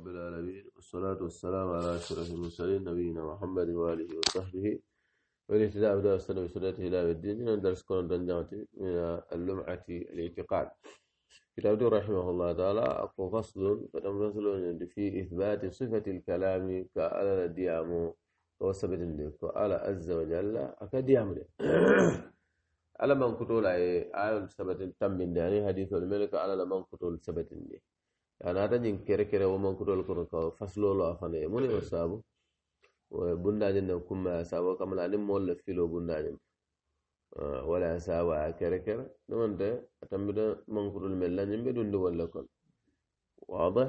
رب العالمين والصلاة والسلام على أشرف المرسلين نبينا محمد وآله وصحبه والاهتداء بدأ السنة بسنته إلى الدين من درس كون من اللمعة الاعتقاد كتاب دور رحمه الله تعالى أقو فصل فتم فصل في إثبات صفة الكلام كألا الديام وثبت ديكو على عز وجل أكديامو على من كتول أي آية سبت تم من داني حديث الملك على من كتول سبت ديكو anata ñiŋ kerekere wo mankutolu kono ka fasilolo a fana ye mu ne o saabu bundañin ne kumma a saabo kamala aniŋ moolu le filo bundañin wala a saabo a kerekere nimonte atambita mankutolu mel la ñiŋ be dundi wolle kono waada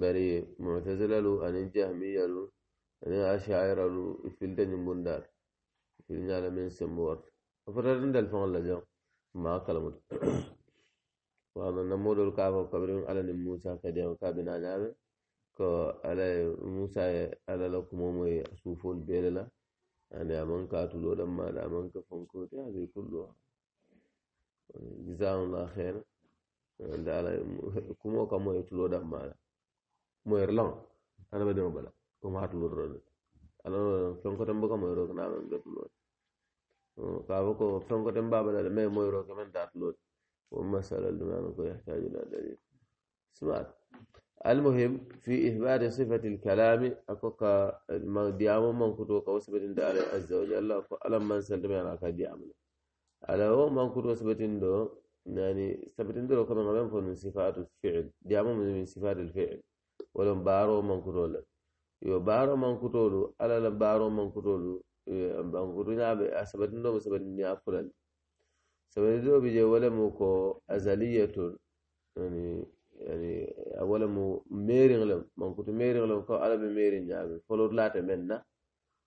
bari mutasilalu aniŋ jahmiyalu aniŋ ashairalu ifilita ñiŋ bundaal ifil ñaala meŋ sembo warta o fotatindal faŋol la jaŋ maa kalamuta wama namodol kafo kabirin ala ni musa kadiyan kabina ñaame ko ala musa ye ala la kumomo ye a suufol beele la ande aman katulo ɗam maɗa aman ka fonkote abi kulluha jasaumllah hera ande ala kumo ka moye tulo ɗam maɗa moyer lan ana ɓadima bala komo ha tulorɗone ala fenkoten boka moyro ko naman ga tulode kafo ko fenkoten babalaɗa mais moyro ke men ta tulode ومسألة لما نقول يحتاج إلى دليل سمعت المهم في إثبات صفة الكلام أكوكا ديامو من كتوكا وسبتين دار عز وجل ألم من سلم أنا ديامو على هو من كتو وسبتين دو يعني سبتين دو كما غلم فن صفات الفعل ديامو من صفات الفعل ولم بارو من كتو yo baaro يو بارو la baaro mankutolu bankutuna be a sabatindoo be sabatindi a fulali سمندو بيجي ولمو كو أزلية يعني يعني ولمو ميرغلم من كنت لهم كو ألا بميرين جابي فلور لاتة منا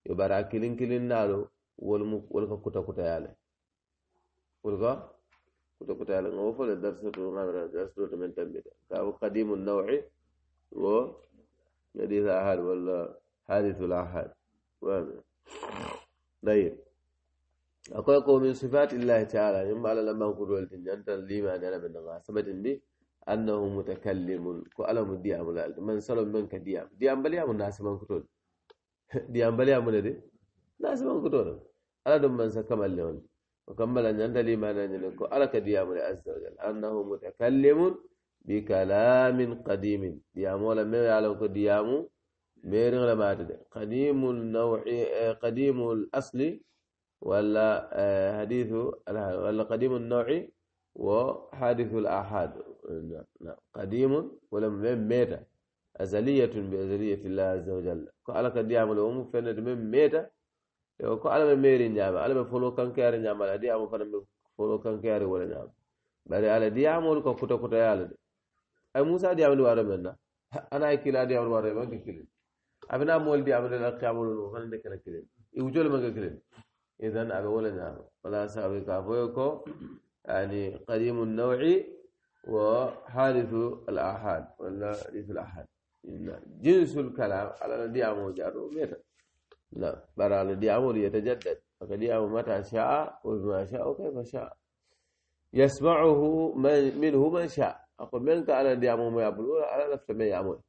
يبارا كيلين كيلين نالو ولمو ولكا كتا كتا يالي ولكا كتا كتا يالي نغو فلا درس تو غامرا درس تو تمن تنبيتا كاو قديم النوعي و حديث أحد ولا حادث الأحد وامن طيب akoy ko min sifat illahi taala yimɓe ala lamman kuɗoltin jantal limani ala men naga sabatin ndi annahu mutakallimun ko ala mo diyamul alde man salon men ka diyam diyam baliyamu nasimankutol diyam baliyamune de nasimankutol ala ɗum man sa kamalle on o kammala ñanta limanañinen ko ala ka diyamule azza wa jal annahu mutakallimun bi kalamin qadimin diyamola me yalan ko diyamu merin lamati de qadimul nawi qadimul asli ولا آه، حديث ولا قديم النوع وحادث الآحاد قديم ولم من ميتا أزلية بأزلية الله عز وجل قال قد يعمل أمه فنت من ميتا وقال من ميري نعم على بفولو كان كير نعم على دي عمل فنم بفولو كان كير ولا نعم بل على دي عمل كفتا كتا يالد أي موسى دي عمل وارد منا أنا أكيد دي عمل وارد منك كيلين أبنا مول دي عمل الأقيام ولا نعم فنم دي كلا كيلين يوجد لما كيلين إذن أبا ولد ولا سابق أبويكو يعني قديم النوع وحادث الآحاد ولا حديث الآحاد جنس الكلام على الذي أمو جارو ميتا لا برا الذي أمو يتجدد فالديامو متى شاء وما شاء وكيف شاء يسمعه من منه من شاء أقول منك على الديامو ما يبلو على نفس ما يعمل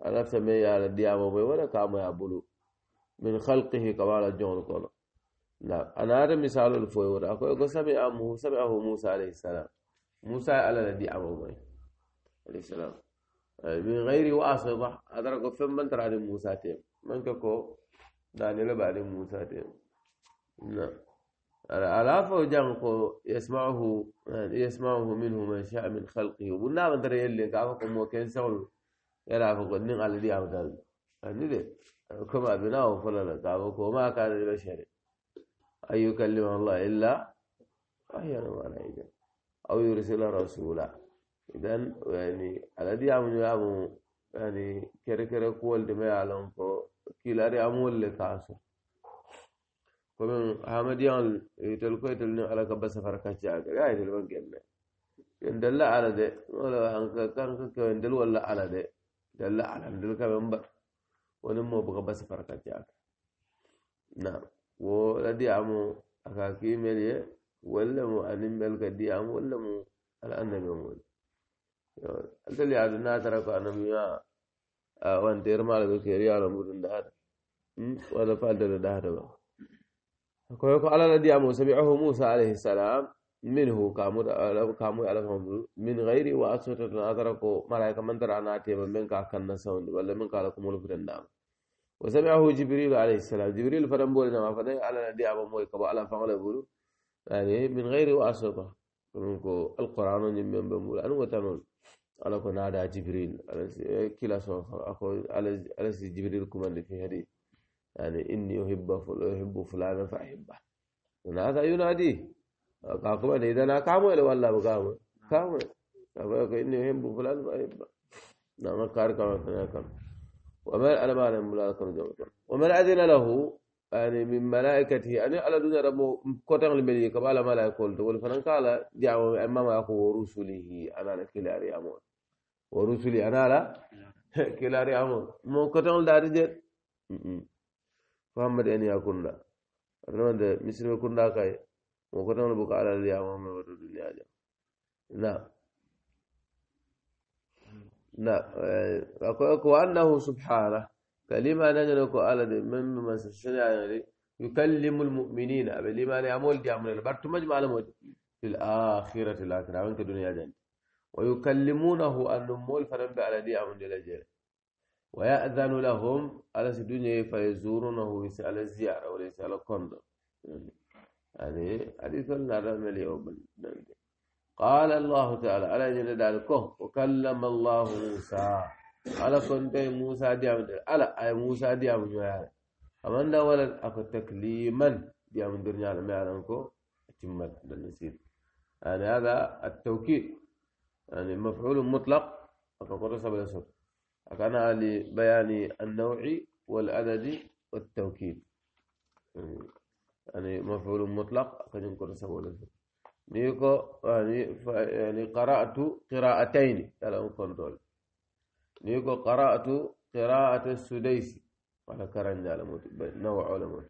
على نفس ما على الديامو ما ولا يبلو من خلقه كما على جون كله نعم أنا هذا مثال الفويورا أقول سمع موسى سمعه موسى عليه السلام موسى على الذي أمامه عليه السلام من غير واسطة هذا رقم فم من ترى موسى تيم من كو دانيال بعد موسى تيم نعم على فو فوجان يسمعه يسمعه منه من شاء من خلقه ولا من ترى اللي كافكم مو كان سول يلا فوق النين على الذي أمامه أني كما بناه فلا لا كافكم ما كان لبشري أن يكلم الله إلا وحيا ومعنى أو يرسل رسولا إذن يعني الذي يعمل يعمل يعني كره كره كول دم يعلم كو كيلار يعمل لكاسو فمن حمد يعمل يتلقى يتلني على كبس فركة جاك يا يتل بقينا يندل على ده ولا هنك كان كي يندل ولا على ده دل على دل كمن بر ونمو بقبس فركة جاك نعم wo la diyamo aka kimel ye walla mo animbel ka diyamo walla mo ala annabi mol altali adu na tara ko annabiya a wanter mala be keri ala mudun da hada wala falda da hada ba ko ko ala la diyamo sabi'ahu musa alayhi salam منه كامور كامو على فهم من غيري وأصوت أن أدركوا ملاك من ترى أنا تيبا من كأكن نسون ولا من كالكم ولو في النام وسمعه جبريل عليه السلام جبريل فرنبول نما فدي على ندي أبو موي كبا على فعل بولو يعني من غير واسطة منكو القرآن يمين بمول أنا وتنون على كنا هذا جبريل كلا سوف اكو على على جبريل كمان في هذه يعني إني أحب فل أحب فلانا فأحبه هذا ينادي كاكما إذا أنا كامل والله بكامل كامل إني أحب فلان فأحبه نعم كار كامل كامل وما على ما الملائكة ومن أذن له يعني من ملائكته يعني على دنيا رب كتن الملي كبالا ملائكة والفنان قال دعوا أمام أخو ورسله أنا لك لا أمون ورسلي أنا لا كلا أمون مو كتن الدارجه محمد أن يكون لا رمضان مثل ما كنا كاي مو كتن بقى على اليوم ما بدو الدنيا نعم نعم آه، وأنه سبحانه كلمة نجنك على من من سشني يعني يكلم المؤمنين بل ما يعمل جامل برت مجمع الموت في الآخرة الآخرة وانك دنيا جنة ويكلمونه أن مول فرنب على دي أمن جل ويأذن لهم على الدنيا فيزورونه على الزيارة وليس على الكندم يعني حديث النار مليء قال الله تعالى ألا جل ذلك وكلم الله موسى ألا كنت موسى ديام ألا أي موسى ديام نيالا أمن دولا أكو تكليما ديام درنيالا ما أنكو تمت بالنسيب يعني هذا التوكيد يعني مفعول مطلق أكو سبع الأسر أكان لبيان النوع والعدد والتوكيد يعني مفعول مطلق أكو سبع الأسر نيكو يعني, يعني قرأت قراءتين كلام كنتول نيكو قرأت قراءة السديسي ولا كرن على موت نوع على موت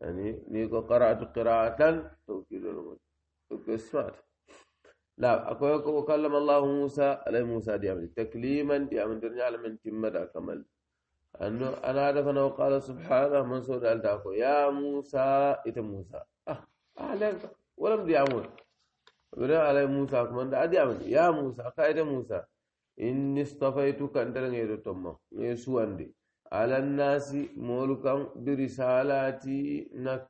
يعني نيكو قرأت قراءة توكيد على موت سمعت لا أقول لكم وكلم الله موسى عليه موسى ديامن تكليما ديامن درني على من تمدا كمل أنه أنا هذا فأنا وقال سبحانه من سورة يا موسى إذا موسى أه أهلا ولم ديامون بنا على موسى كمان أدي أمن يا موسى كايد موسى إني استفيتك أنت لغير تمام يسوع عندي على الناس مولكم برسالاتي نك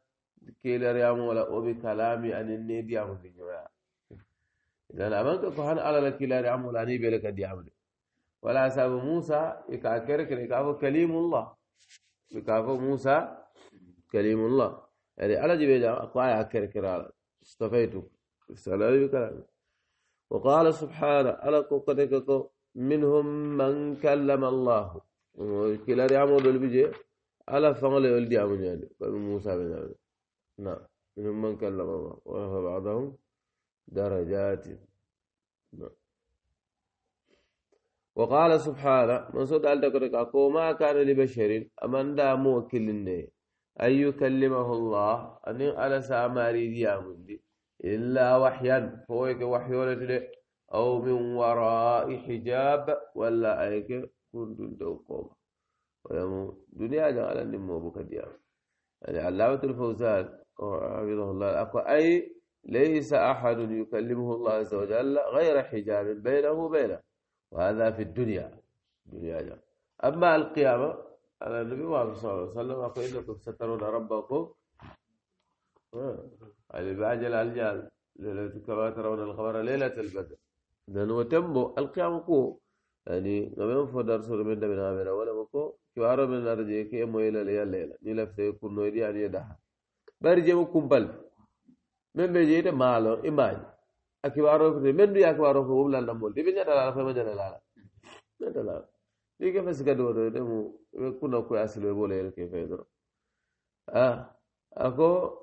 كيلر يا مولا أو بكلامي أن النبي أمن دنيا إذا أمانك كهان على الكيلر يا مولا نبي لك دي أمن ولا سب موسى يكاكرك يكافو كليم الله يكافو موسى كليم الله يعني على جبهة قاعد كركرال استفيتم استعلال بكلامه وقال سبحانه ألا قدكك منهم من كلم الله كلا دعمو دول بيجي ألا فعل يولد عمود يعني موسى بن عمون نعم منهم من كلم الله ورفع بعضهم درجات نعم وقال سبحانه من صد ألتك أكو ما كان لبشر أمن دا موكل النيه أن يكلمه الله أن على ساماري ديامندي إلا وحيا فويك وحي ولتلي أو من وراء حجاب ولا أيك كنت توقوم دنيا جعل النمو بك ديام يعني علامة الفوزان حفظه الله أقوى أي ليس أحد يكلمه الله عز وجل غير حجاب بينه وبينه وهذا في الدنيا دنيا جعل. أما القيامة على النبي صلى الله عليه وسلم أقول إنكم سترون ربكم آه. يعني بعجل الجال ليلة كما ترون الخبر ليلة البدر لأنه وتم القيام كو يعني نمن فدر سر من دمنا من هذا ولا مكو كوارو من الأرض كي مو إلى ليلة ليلة نيلا في كل نوير يعني يدها برجع مكمل من بيجي ده مالو إيمان أكوارو من دي أكوارو كوبلا نمول تبي نجلا لا فما نجلا لا نجلا ديك مسك دور دمو كنا كو أسلو بولا يلكي فيدرو آه أكو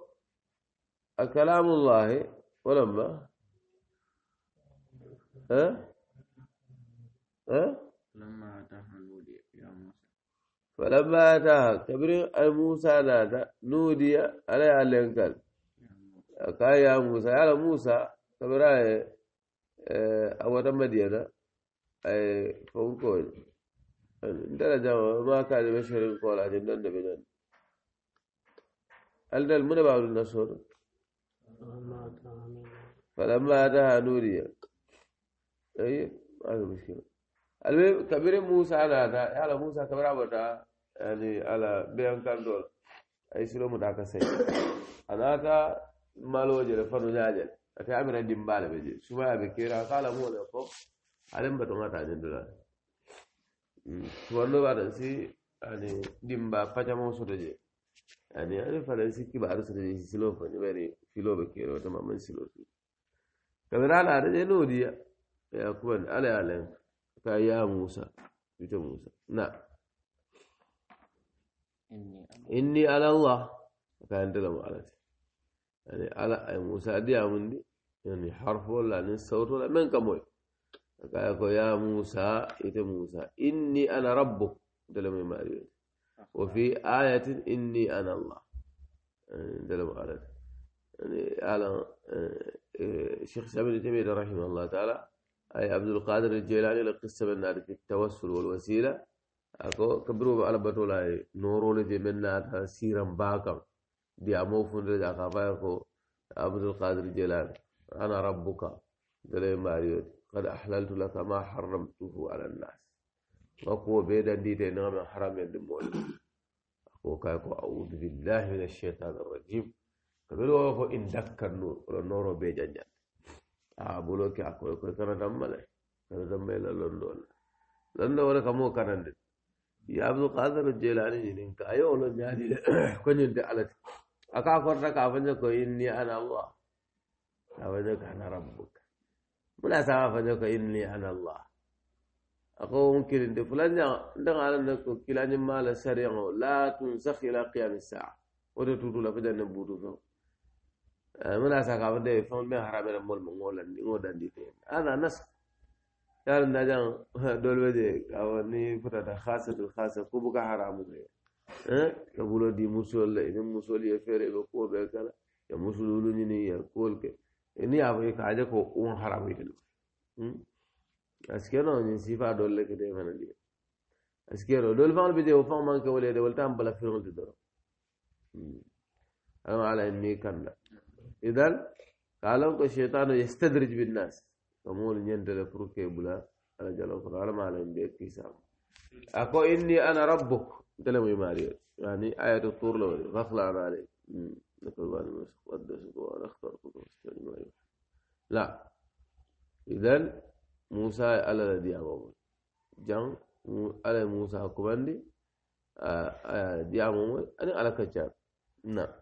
كلام الله ولما ها ها لما أتاها نودي يا موسى فلما أتاها كبر موسى نادى نودي على علنكل قال يا موسى يا موسى كبر أو مدينة أي فوقوني درجة ما كان بشر قول عجبنا النبي هل ده المنى بعض النصر فلما أتاها نوريا أي ما في مشكلة المهم كبير موسى أنا هذا على موسى كبير عبدا يعني على بيان كان دول أي سلو متاكسي أنا أتا مالو جل فنو جاجل أتعمل الدنبال بجي شما بكيرا قال مولا فوق علم بتوما تاجن دولار tuwallo baata si ani dimba pacamo soto je ani ani fana si kibaru soto je si silo fani bari filo be kero wata mamman silo fi kabira ala ada je no diya ya kuban ala ya len ka ya musa ita musa na inni ala allah ka yanta da mu'alati yani ala ay musa diya mun di yani harfo la ni sautu la men ka moy كايكو يا موسى إذا موسى إني أنا ربك دلم ما وفي آية إني أنا الله دلم آية يعني على آه، شيخ سامي تيمية رحمه الله تعالى أي عبد القادر الجيلاني لقصة بالنار في التوسل والوسيلة أكو كبروا على بطولة نورو لدي نار سيرا باكم دي أموفن لدي أخافاكو عبد القادر الجيلاني أنا ربك دلم آية قد أحللت لك ما حرمته على الناس وقو بيدا ديتا نعم حرام يدمون أقو كاكو أعوذ بالله من الشيطان الرجيم كبير وفو إن دكر نورو بيجا جات أبولو كي أكو يكو كنا دمالي كنا دمالي لندن لندن ولا كمو كنا ندن يا عبد القادر الجيلاني جنين كأيو لن يادي كنين دي ألتك أكا قرر كافنجا كو إني أنا الله كافنجا كان ربك فلا تعافدك إني أنا الله أقول ممكن إن فلان دعنا على أنك كلا ما لا سريعه لا تنسخ إلى قيام الساعة وتتوتو لا فجأة نبوتو فهم من أساك أبدا فهم ما حرام من مول مول عندي مول عندي فهم هذا نسخ يعني نجان دول بدي أو ني فتاة خاصة الخاصة كوبك حرام غير ها آه، كبولو دي مسؤول إذا مسؤول يفعل بكو بكلا يا مسؤول لوني يا كولك ini abu ka kaje ko un haram yi hmm aske no ni sifa dolle ke de mana di aske ro dol fa'al bide, de fa man ke wala de wal tam bala firun de do am ala inni kanna idan kalam ko shaytanu yastadrij bin nas kamul nyendele pour ke bula ala jalo ko ala mala be kisam ako inni ana rabbuk dalamu mariyo yani ayatu tur lo ghafla alayk لكن بعد ما يتقدس القرآن اختر قدوة ما أيوة لا إذن موسى على الذي أمامه جان على موسى كبندي آه، آه، دي أمامه أنا على كتاب نعم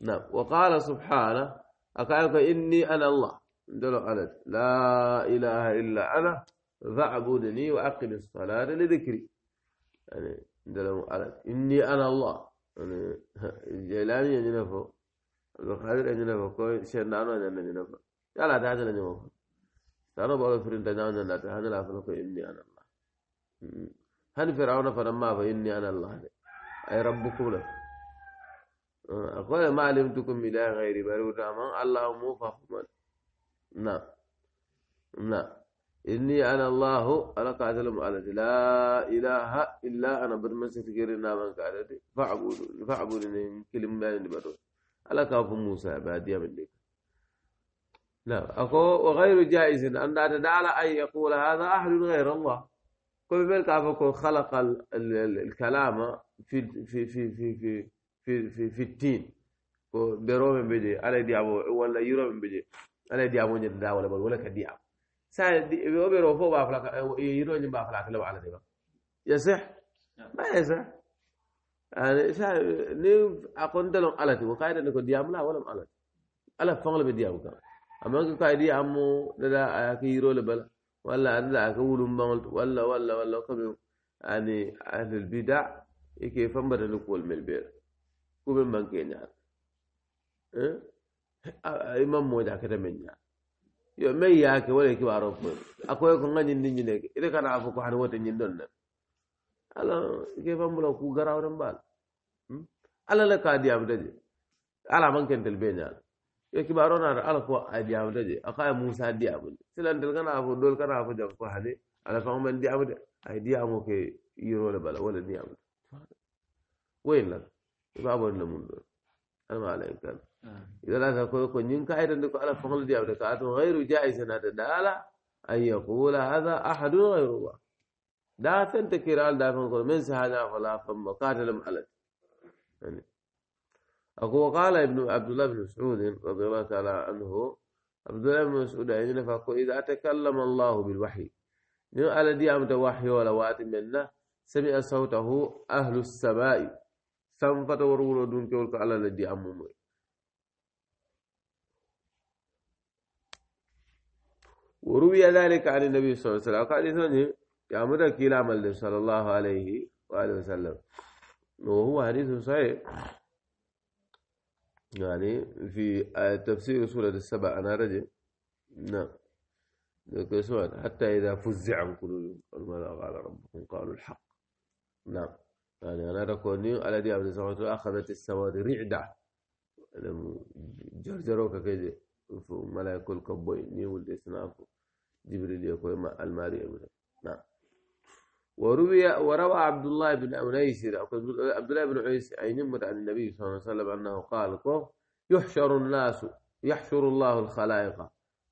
نعم وقال سبحانه أقالك إني أنا الله دلو أنا لا إله إلا أنا فاعبدني وأقم الصلاة لذكري يعني دلو أنا إني أنا الله jelani ye ñina fo abdulkadir ye ñina fo ko sendano ñanna ñina fo yala ate hatela ñoo fo sano bolo firinta ñaw ñanda ate hanela fana ko inni ana allah hani firawna fana ma fo inni ana allah de ay rabbukum le akole ma alimtukum min ilahi gayri bari wutama allahu mu fahuman na na إني أنا الله أنا قاتل على لا إله إلا أنا برمسك غير نام قالت فاعبدوا فاعبدوا كلمة يعني بدو على كافو موسى بعد يا بني نعم أكو وغير جائز أن على أن يقول هذا أحد غير الله كل ذلك أفكو خلق الكلام في في في في في في في, في التين بروم بيجي على ديابو ولا يروم بيجي على ديابو جدا ولا ولا كديابو وبيرو فوق بافلاك يروج بافلاك لو على ذي يصح نعم. ما يصح يعني سا نيف أكون دلهم على ذي وكايد نكون ديام لا ولا على على فعل بديام كم أما كايد يامو لا أكيد يرو لبلا ولا لا أكولم بعمل ولا ولا ولا كم يعني أهل البدع يكيف فمبر نقول من البير كم من كينيا يعني. إيه؟ إمام موجا كده منيا يعني. yo ke yaake ki kibaro ko akoye ko ni ndi ne ida kana afu ko hani wata ñin don nan ala ke fambula ku garawren bal ala la ka diyama daje ala mankentel be benya yo kibaro da ala ko a diyama daje ako ye moussa diyama de silantel kana afu dol kana afu jam ko hade ala fan men diyama de ay diyamo ke yirole bala wala diyama de woyin lan ibabonle ala ma alama alayhi kan آه. إذا لا كويكو نينكا إذا نكو على فقل ديابنا كأتو غير جائز هذا دالا أن يقول هذا أحد غير الله دا فنت كيرال دا فنقول من سهانا فلا فما قاتل مألت يعني أقول قال ابن عبد الله بن مسعود رضي الله تعالى عنه عبد الله بن مسعود عندنا يعني فقول إذا تكلم الله بالوحي من نعم، على دي عمد وحي ولا وات منا سمع صوته أهل السماء سنفت ورولو دون كولك على الذي أمومي وروي ذلك عن النبي صلى الله عليه وسلم قال يا مدى كيل عمل صلى الله عليه وآله وسلم وهو حديث صحيح يعني في تفسير سورة السبع أنا رجع نعم سؤال حتى إذا فزع عن قلوبهم ماذا قال ربكم قالوا الحق نعم يعني أنا ركوني على دي أبن سمعت أخذت السواد رعدة جرجروك كذا fo malaikol ka boy ni wulde sina fo jibril ye وروي وروى عبد الله بن أنيسر عبد الله بن عيس أي نمت عن النبي صلى الله عليه وسلم أنه قال يحشر الناس يحشر الله الخلائق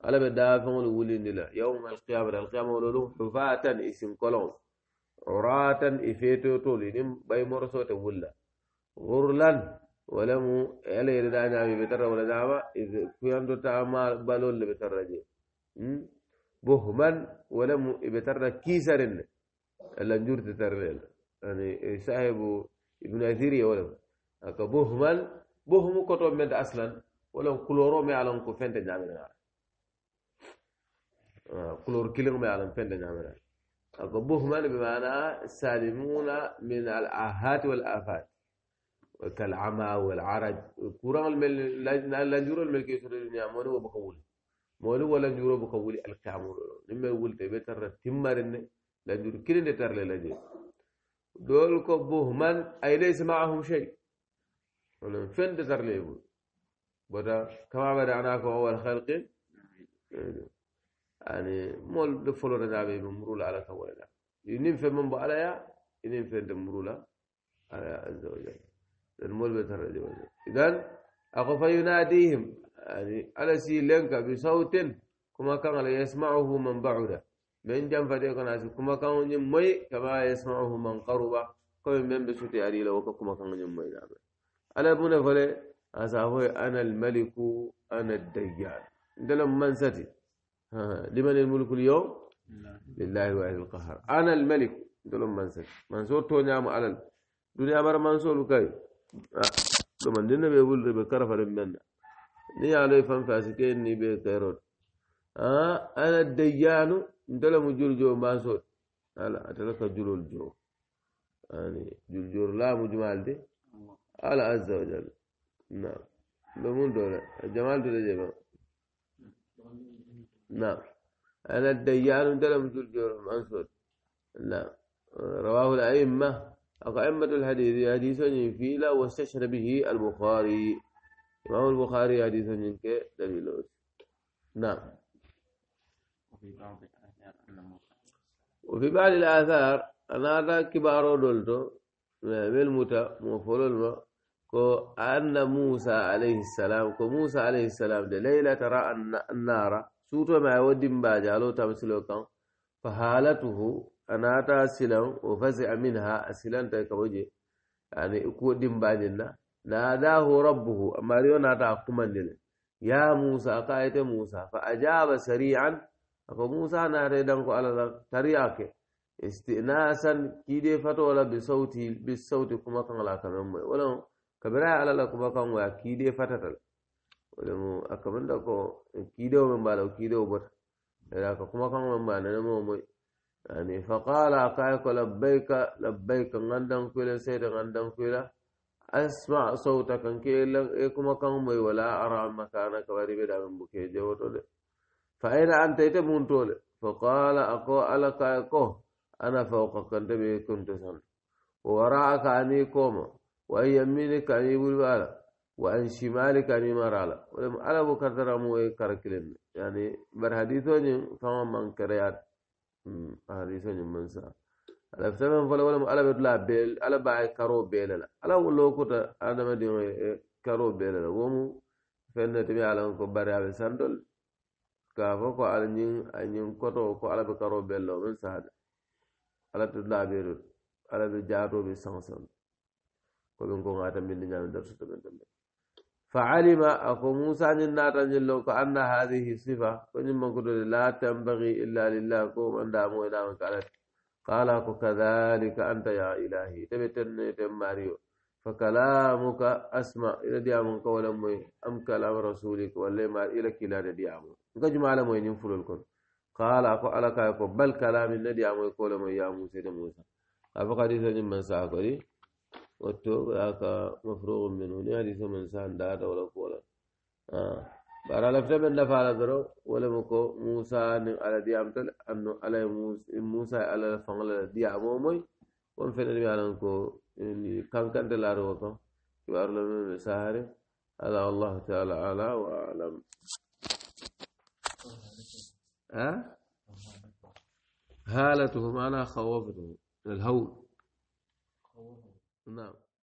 على بدافع الولين لا يوم القيامة القيامة ولو حفاة اسم كلهم عراة إفيتو تولين باي مرسوة ولا غرلا ولم يلا يردا نامي بتر ولا دعوة إذ كيان دو تعمى بالول بتر رجع بهمن ولم بتر كيسرن اللي نجور تتر تترلل يعني صاحب ابن أثيري ولم أك بهمن بهم كتب من أصلا ولم كلورو مي علم كفنت نعمنا آه، كلور كيلو ما علم فنت نعمنا أك بهمن بمعنى سالمون من الآهات والآفات كالعمى والعرج كوران المل لانجورو الملكي سوري الدنيا مولي وبقولي مولي ولا نجورو بقولي الكامل نما ولت بيتر تمرن لانجور كلين تر لجي دول كبوه من اي ليس معهم شيء ولا فين تر ليبو بدا كما انا بدأناك أول خلق يعني مول دفولو نابي بمرول على كولا ينفع من بقى عليها ينفع دمرولا على عز وجل الملبس الرجل إذن أقف فيناديهم يعني على سيلنك بصوت كما كان يسمعه من بعد من جنب ديك ناس كما كان يمي كما يسمعه من قرب كم من بصوت أري يعني لو كما كان يمي على بنا فلي أسافه أنا الملك أنا الدجال دلم من ستي لمن الملك اليوم لله وعلى القهر أنا الملك دلم من ستي منصور تونيام على الدنيا بر منصور كاي كمان دينا بيقول ده بكرف المنا ني عليه فم فاسكين ني بكيرود ها انا ديانو انت لما جول جو ما صوت هلا اتلك جول جو يعني جول جول لا مجمال دي على عز وجل نعم لمن دولة جمال دولة جمال نعم انا الديانو انت لما جول جو ما صوت نعم رواه الائمه أئمة الحديث حديث فيلا واستشهد به البخاري إمام البخاري حديث جنك دليل نعم وفي بعض الآثار أنا هذا كبار دولتو بالمتى مفول ما كو أن موسى عليه السلام كو موسى عليه السلام ليلة ترى النار سوتو ما يودي مباجالو تمثلو كان فحالته أنا أتى أسلا وفزع منها أسلا تكوجي يعني يكو دمبانينا ناداه ربه أما ريونا تأكمن يا موسى قايت موسى فأجاب سريعا أكو موسى ناريدنكو على ترياكي استئناسا كيدي فتولا بصوتي بالصوت كما كان لا كمان ولا كبرا على لا كما كان ويا كيدي فتتل ولا مو أكمن دكو كيدو من بالو كيدو بر لا كما كان من بالو مو يعني فقال أكايك لبيك لبيك غندن كلا سيد غندن كلا أسمع صوتك كيلا إيكما كمي ولا أرى مكانك وري دام من بكي جوتو فأين أنت يتمون تولي فقال أكو ألك أكو أنا فوقك أنت كنت سن وراءك أني كوما وأن يمينك أني بالبالا وأن شمالك أني مرالا ولم ألا ألبو كثر مو كركلن يعني برهديثوني فما من كريات hadiso ñiŋ maŋ saa ala semaŋ fola walamu ala be tula bee ala be a ye karoo bee le la ala lookuta adamadiŋo ye karoo bee le la womu feŋ ne ti be a loŋ ko bari a be santol ka a fo ko ala ñiŋ a ñiŋ koto ko ala be karoo bee la o meŋ saa de ala te tula bee to ala be jaatoo be saŋ saŋ ko ɓen ko ŋa tamindi ñaami darsuta ɓen tamindi فعلم أخو موسى جنات جلوك أن هذه صفة فنما قلت لا تنبغي إلا لله كوم أن دامو إلى مكانت قال أخو كذلك أنت يا إلهي تبتن تماريو فكلامك أسمع إلى ديامك ولا موي أم كلام رسولك ولا ما إلى كلا ديامو كجمع على موي ينفر الكون قال أخو على كايكو بل كلام الندي أمو يقول موي يا موسى موسى أفقد إذا من ساكري وتوب أكا مفروغ منه نهديث من سان دار ولا قولا آه. بارا لفتا من لفا درو ولا مكو موسى على دي عمتل أنه على موسى على فنغل دي عمومي فين المي على انكو كان كان دلارو وكم كبار لمن مساهر على الله تعالى على وأعلم ها هالته معناها خوفته الهول خوفته No